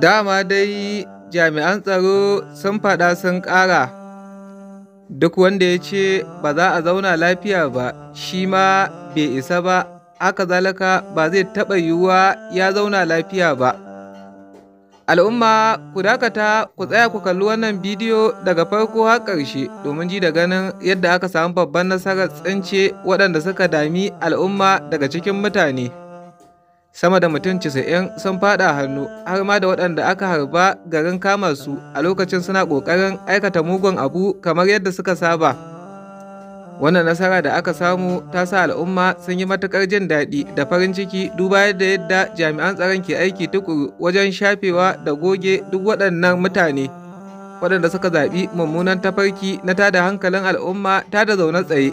dama dai jami'an tsaro sun faɗa sun ƙara duk wanda ya ce ba za a zauna lafiya ba shi ma bai isa ba aka zalaka ba zai taɓa yiwuwa ya zauna lafiya ba al'umma ku dakata ku tsaya ku kalli wannan bidiyo daga farko har ƙarshe domin ji da ganin yadda aka samu babban nasarar tsince waɗanda suka dami al'umma daga cikin mutane. sama da mutum 90 sun fada hannu har ma da waɗanda aka harba garin kama su a lokacin suna ƙoƙarin aikata mugun abu kamar yadda suka saba wannan nasara da aka samu ta sa al'umma sun yi matuƙar jin daɗi da farin ciki duba da yadda jami'an tsaron ke aiki tukuru wajen shafewa da goge duk waɗannan mutane waɗanda suka zaɓi mummunan tafarki na tada hankalin al'umma ta da zaune tsaye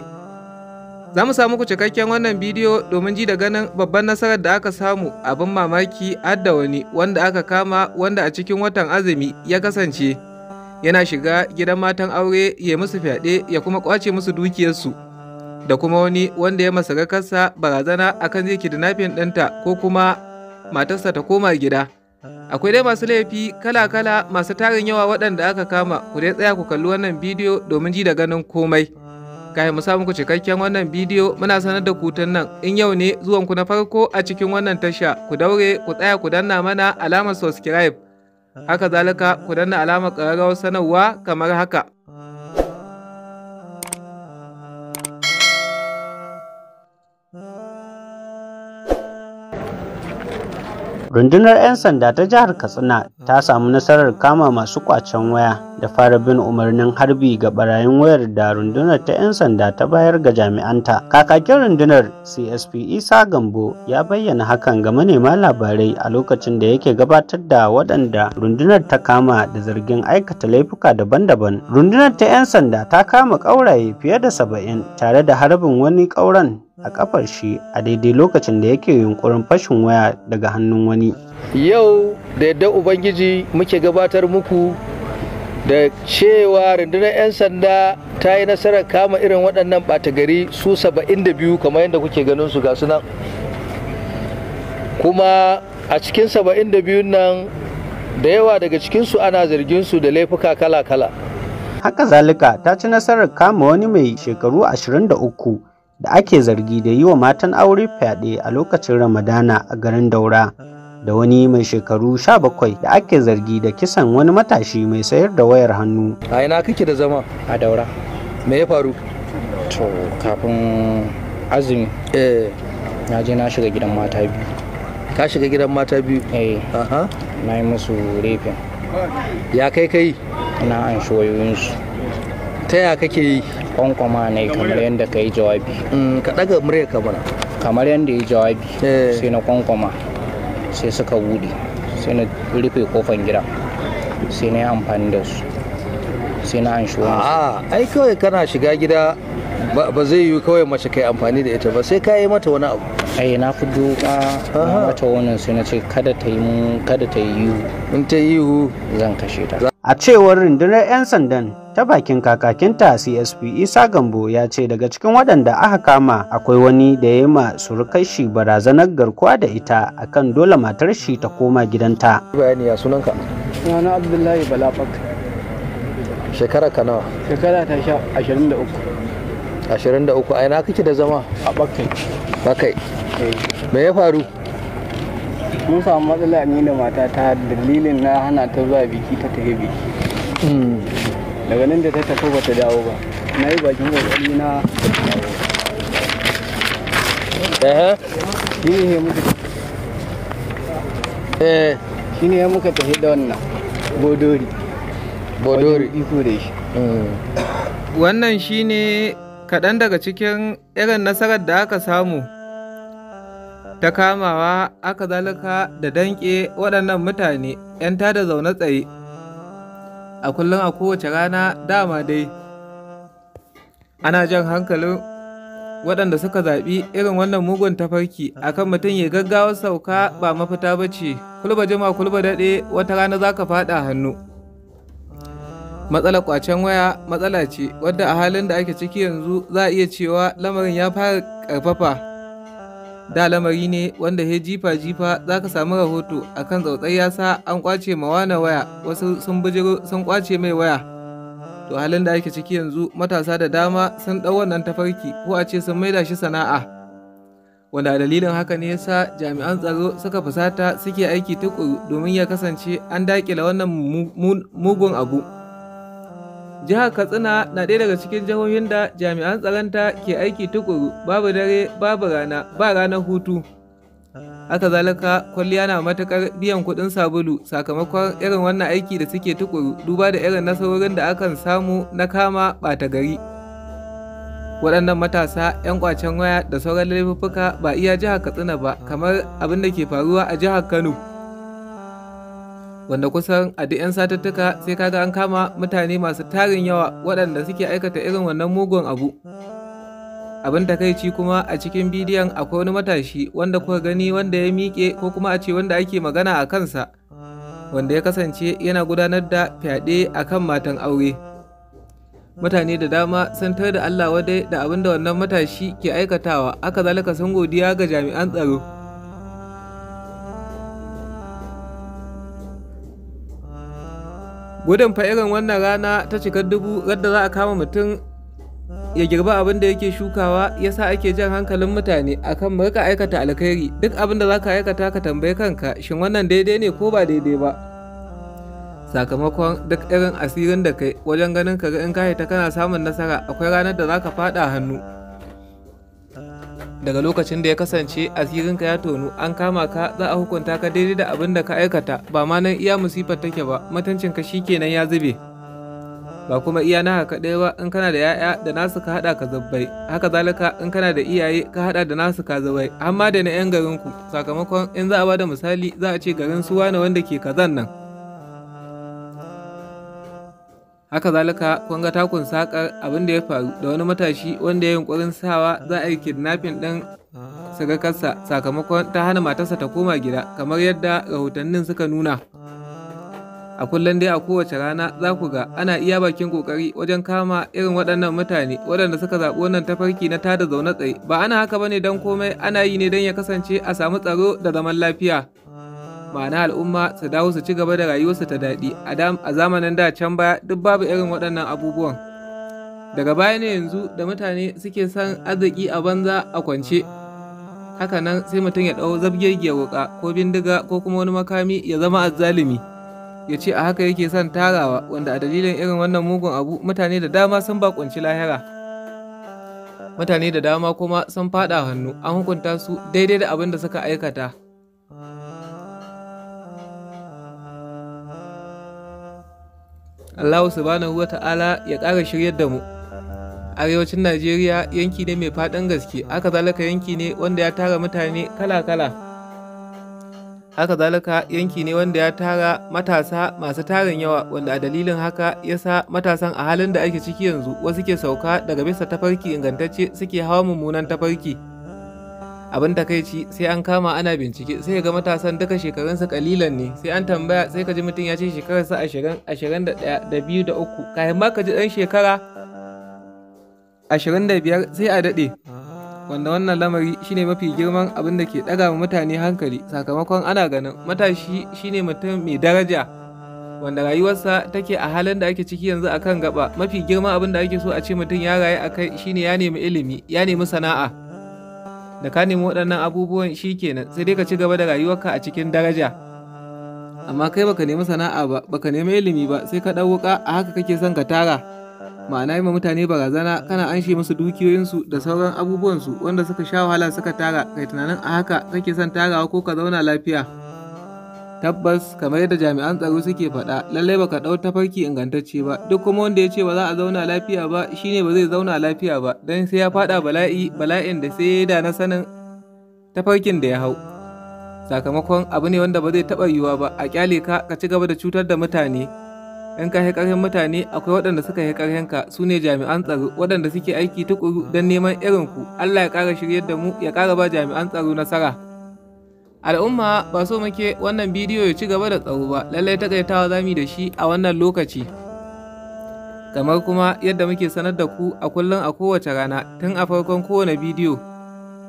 Za mu samu ku cikakken wannan bidiyo domin ji da ganin babban nasarar da aka samu abin mamaki adda wani wanda aka kama wanda a cikin watan azumi ya kasance yana shiga gidan matan aure ya musu fyaɗe ya kuma kwace musu dukiyarsu da kuma wani wanda ya masa kansa barazana akan zai kidnapping ɗinta ko kuma matarsa ta koma gida. Akwai dai masu laifi kala-kala masu tarin yawa waɗanda aka kama ku dai tsaya ku kalli wannan bidiyo domin ji da ganin komai. kai mu samu ku cikakken wannan bidiyo muna sanar da kutun nan in yau ne zuwan ku na farko a cikin wannan tasha ku daure ku tsaya ku danna mana alamar subscribe haka zalika ku danna alamar ƙararrawar sanarwa kamar haka rundunar 'yan sanda ta jihar katsina ta samu nasarar kama masu kwacen waya da fara bin umarnin harbi ga barayin wayar da rundunar ta 'yan sanda ta bayar ga jami'anta kakakin rundunar csp isa gambo ya bayyana hakan ga manema labarai a lokacin da yake gabatar da waɗanda rundunar ta kama da zargin aikata laifuka daban-daban rundunar ta 'yan sanda ta kama ƙauraye fiye da saba'in tare da harbin wani ƙauren a kafar shi a daidai lokacin da yake yunkurin fashin waya daga hannun wani. Yau da yadda Ubangiji muke gabatar muku da cewa rundunar 'yan sanda ta yi nasarar kama irin waɗannan ɓata gari su 72 kamar yadda kuke ganin su ga nan. Kuma a cikin 72 nan da yawa daga cikinsu ana zargin su da laifuka kala-kala. Haka zalika ta ci nasarar kama wani mai shekaru 23 da ake zargi da yi wa matan aure fyaɗe a lokacin Ramadana a garin Daura da wani mai shekaru 17 da ake zargi da kisan wani matashi mai sayar da wayar hannu. A ina kake da zama a Daura? Me ya faru? To kafin azumi eh na je na shiga gidan mata biyu. Ka shiga gidan mata biyu? Eh. Aha. Na yi musu rafin. Ya kai kai? Na an shi wayoyinsu. ta ya kake yi kwankwama ne kamar yadda ka yi jawabi mm, ka daga murya ka mana kamar yadda ya jawabi eh. sai na kwankwama sai suka bude sai na rufe kofan gida sai na yi amfani da su sai na an shuwa a ai kawai kana shiga gida ba zai yi kawai mace kai amfani da ita ba sai ka yi mata wani abu ai na fi doka mata wani sai na ce kada ta yi kada ta yi in ta yi zan kashe ta a cewar rundunar 'yan sandan ta bakin kakakinta csp isa gambo ya ce daga cikin waɗanda aka kama akwai wani da ya yi ma surukai shi barazanar garkuwa da ita akan dole matar shi ta koma gidanta bayani ya sunanka sunana abdullahi balafak shekara ka nawa shekara ta sha ashirin Ashirin da uku. da uku a ina kake da zama a bakai bakai eh. me ya faru mun samu matsala ni da matata dalilin na hana ta zuwa biki ta tafi biki hmm. daga nan da ta tafi ba ta dawo ba na yi bakin kokari na eh shi ne muka eh shine ya muka tafi da wannan bodori bodori iko da shi mm. wannan shi ne kaɗan daga cikin irin nasarar da aka samu ta kamawa aka zalika da danƙe waɗannan mutane 'yan tada zaune tsaye a kullum a kowace rana dama dai ana jan hankalin waɗanda suka zaɓi irin wannan mugun tafarki akan mutum ya gaggawa sauka ba mafita ba ce kulba jima kulba daɗe wata rana za ka faɗa hannu matsalar kwacen waya matsala ce wadda a halin da ake ciki yanzu za a iya cewa lamarin ya fara ƙarfafa da lamari ne wanda ya jifa jifa za ka samu rahoto akan tsautsar yasa an kwace mawana waya wasu sun bijiro sun kwace mai waya to halin da ake ciki yanzu matasa da dama sun ɗau wannan tafarki ko a ce sun maida shi sana'a wanda dalilin haka ne yasa jami'an tsaro suka fusata suke aiki tukuru domin ya kasance an daƙila wannan mugun abu Jihar Katsina na ɗaya daga cikin jihohin da jami'an tsaronta ke aiki tukuru babu dare babu rana ba ranar hutu. Haka zalika kwalliya na matukar biyan kuɗin sabulu sakamakon irin wannan aiki da suke tukuru duba da irin nasarorin da akan samu na kama ɓata gari. Waɗannan matasa 'yan kwacen waya da sauran laifuffuka ba iya jihar Katsina ba kamar abin da ke faruwa a jihar Kano. wanda kusan a duk 'yan satattuka, sai kaga an kama mutane masu tarin yawa waɗanda suke aikata irin wannan mugun abu abin takaici kuma a cikin bidiyon akwai wani matashi wanda kuka gani wanda ya miƙe ko kuma a ce wanda ake magana a kansa wanda ya kasance yana gudanar da fyaɗe a kan matan aure mutane da dama sun tar da allah wadai da abin da wannan matashi ke aikatawa aka zalika sun godiya ga jami'an tsaro gudun fa irin wannan rana ta cikar dubu radda za a kama mutum ya girba abin da yake shukawa ya yasa ake jan hankalin mutane akan mu rika aikata alkhairi duk abin da za ka aikata ka tambayi kanka shin wannan daidai ne ko ba daidai ba sakamakon duk irin asirin da kai wajen ganin ka in ka ta kana samun nasara akwai ranar da za ka fada hannu daga lokacin da ya kasance asirinka ya tonu an kama ka za a hukunta ka daidai da abin da ka aikata ba ma nan iya musifar take ba matancinka kenan ya zube ba kuma iya na haka ɗaya ba in kana da ya'ya da nasu ka haɗa ka zabbai haka zalika in kana da iyaye ka haɗa da nasu ka zabbai amma da na 'yan garinku sakamakon in za a ba da misali za a ce garin su wane wanda ke kazan nan haka zalika kun ga takun sakar abin da ya faru da wani matashi wanda ya yunkurin sawa za a yi kidnapping din sagakarsa sakamakon ta hana matarsa ta koma gida kamar yadda rahotannin suka nuna a kullum dai a kowace rana za ku ga ana iya bakin kokari wajen kama irin waɗannan mutane waɗanda suka zaɓi wannan tafarki na tada zaune tsaye ba ana haka bane don komai ana yi ne don ya kasance a samu tsaro da zaman lafiya ma'ana al'umma su dawo su ci gaba da rayuwarsu ta daɗi a zamanin da can baya duk babu irin waɗannan abubuwan daga baya ne yanzu da mutane suke son arziki a banza a kwance haka nan sai mutum ya ɗau zabgirgiya wuƙa ko bindiga ko kuma wani makami ya zama azzalimi ya ce a haka yake son tarawa wanda a dalilin irin wannan mugun abu mutane da dama sun bakunci lahira mutane da dama kuma sun faɗa hannu an hukunta su daidai da abin da suka aikata Allahu subhanahu wa ta'ala ya ƙara shiryar da mu. Arewacin Najeriya yanki ne mai faɗin gaske, haka zalika yanki ne wanda ya tara mutane kala-kala. Haka zalika yanki ne wanda ya tara matasa masu tarin yawa wanda a dalilin haka ya sa matasan a halin da ake ciki yanzu wasu ke sauka daga bisa tafarki ingantacce suke hawa mummunan tafarki. abin takaici sai an kama ana bincike sai ga matasan duka shekarunsu kalilan ne sai an tambaya sai ka ji mutum ya ce shekararsa ashirin ashirin da ɗaya da biyu da uku Kayan ma ka ji ɗan shekara ashirin da biyar sai a daɗe wanda wannan lamari shine mafi girman abin da ke ɗaga wa mutane hankali sakamakon ana ganin matashi shine mutum mai daraja wanda rayuwarsa take a halin da ake ciki yanzu akan gaba mafi girman abin da ake so a ce mutum ya rayu akai shine ya nemi ilimi ya nemi sana'a da ka nemi waɗannan abubuwan shi kenan sai dai ka ci gaba da rayuwarka a cikin daraja amma kai baka nemi sana'a ba baka nemi ilimi ba sai ka ɗau wuƙa a haka kake son ka tara ma'ana yi mutane barazana kana anshe musu dukiyoyinsu da sauran abubuwansu wanda suka sha wahala suka tara kai tunanin a haka kake son tarawa ko ka zauna lafiya tabbas kamar yadda jami'an tsaro suke faɗa lallai baka ɗau tafarki ingantacce ba duk kuma wanda ya ce ba za a zauna lafiya ba shine ba zai zauna lafiya ba don sai ya faɗa bala'i bala'in da sai da na sanin tafarkin da ya hau sakamakon abu ne wanda ba zai taɓa yiwuwa ba a kyale ka ka ci gaba da cutar da mutane in ka ƙarfin mutane akwai waɗanda suka yi ƙarfin ka su ne jami'an tsaro waɗanda suke aiki tukuru don neman irin ku Allah ya ƙara shiryar da mu ya ƙara ba jami'an tsaro nasara al'umma ba so muke wannan bidiyo ya ci gaba da tsawo ba lallai takaitawa zamu da shi a wannan lokaci kamar kuma yadda muke sanar da ku a kullum a kowace rana tun a farkon kowane bidiyo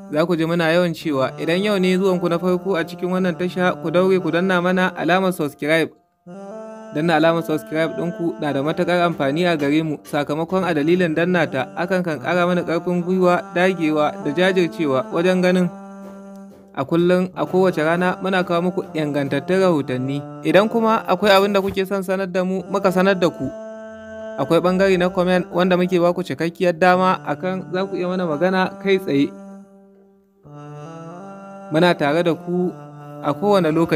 za ku ji muna yawan cewa idan yau ne zuwanku na farko a cikin wannan tasha ku daure ku danna mana alamar subscribe danna alamar subscribe ɗinku na da matuƙar amfani a gare mu sakamakon a dalilin danna ta akan kan ƙara mana ƙarfin gwiwa dagewa da jajircewa wajen ganin a kullum a kowace rana muna kawo muku ingantattun rahotanni idan kuma akwai abin da kuke son sanar da mu muka sanar da ku akwai bangare na comment wanda muke baku cikakkiyar dama akan za ku iya mana magana kai tsaye muna tare da ku a kowane lokaci